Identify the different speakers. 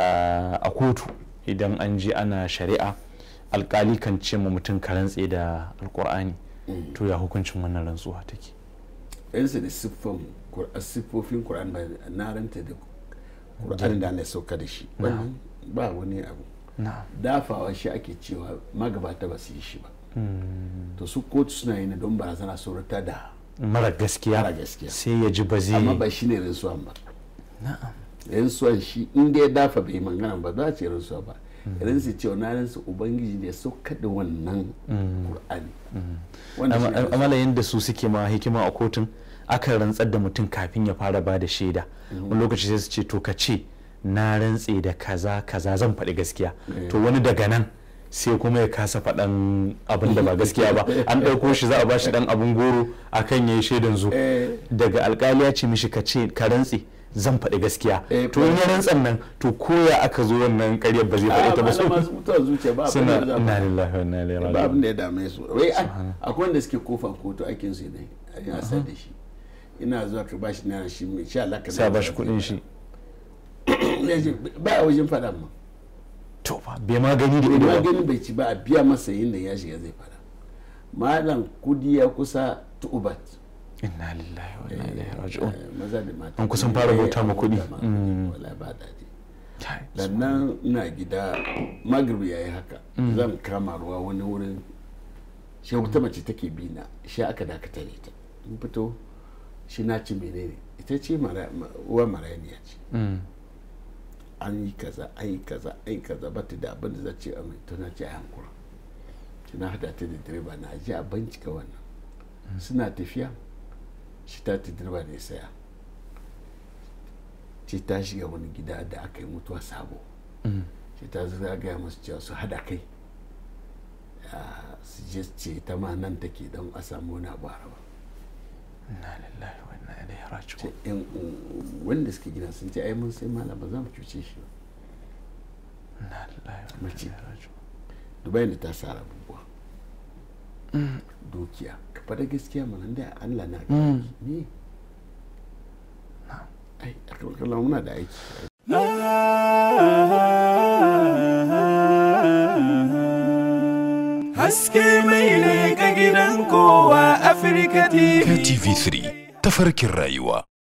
Speaker 1: a kotu idan an ji ana shari'a alkali kan ce ma mutum karantse rantse da alkur'ani mm. to ya hukuncin wannan rantsuwa take
Speaker 2: su da siffofin kur'an ba na ranta da kur'an da na sauka da shi ba wani abu dafawa shi ake cewa magabata ba su yi shi ba hmm. to su kotu suna yi na don barazana saurata da
Speaker 1: mara gaskiya sai ya ji ba zai amma ba
Speaker 2: shine rantsuwan ba na'am rantsuwan shi inda ya dafa bai magana ba za a ce rantsuwa ba mm-hmm. su cewa na rantsu ubangiji ne sauka da wannan
Speaker 1: qur'ani amala yadda su suke ma hikima a kotun aka rantsar da mutum kafin ya fara ba da shaida mm-hmm. wani lokaci sai su ce to ka ce na rantse da kaza kaza zan faɗi gaskiya eh. to wani daga nan sai kuma ya kasa faɗan abin da ba gaskiya ba an ɗauko shi za a ba shi ɗan abin goro akan ya yi shaidan zu eh. daga alkali ya ce mishi ka ce ka rantse zan faɗi gaskiya eh, to in yaran tsannan nan to koya aka zo wannan ƙarya ba zai faɗi ta ba su masu mutuwa
Speaker 2: zuciya ba abin da na
Speaker 1: lillahi wa inna ilaihi ba abin da
Speaker 2: ya dame su wai akwai wanda suke kofa kotu akin su ne ya san da shi ina zuwa ka bashi na shi mai sha ka sai bashi kuɗin shi ba a wajen faɗa ma
Speaker 1: to ba bai ma gani da ido ba gani
Speaker 2: bai ci ba a biya masa yin da ya shiga zai faɗa malam kudi ya kusa tu'ubat
Speaker 1: inna lillahi wa inna ilaihi raji'un eh,
Speaker 2: maza da mata an kusan fara bauta ma kuɗi mm. wala ba daɗi sannan ina gida magribi yi haka mm. zan kama ruwa wani wurin shi wata mace take bi na shi aka dakata ne ta in fito shi na ci ne ita ce uwa marayaniya ce mm. an yi kaza an yi kaza an yi kaza ba ta da abin da za ce a mai tana ce a hankura na hada ta da direba na ajiye a bincika wannan suna tafiya Shita ta dirba ne saya ce ta shiga wani gida da aka yi mutuwa sabo
Speaker 1: ce mm.
Speaker 2: ta zuwa gaya masu cewa su hada kai su je ce ta ma nan take don a samu wani abu araba wanda suke gina sun ce ai mun sai mala ba za mu cuce shi ba dubai da ta sa abubuwa mm. dukiya ka gaskiya mana da Allah na ka hmm. ne ai a akwai muna da aiki
Speaker 1: haske mai ne ga gidan kowa afirka
Speaker 2: tv3 tafarkin rayuwa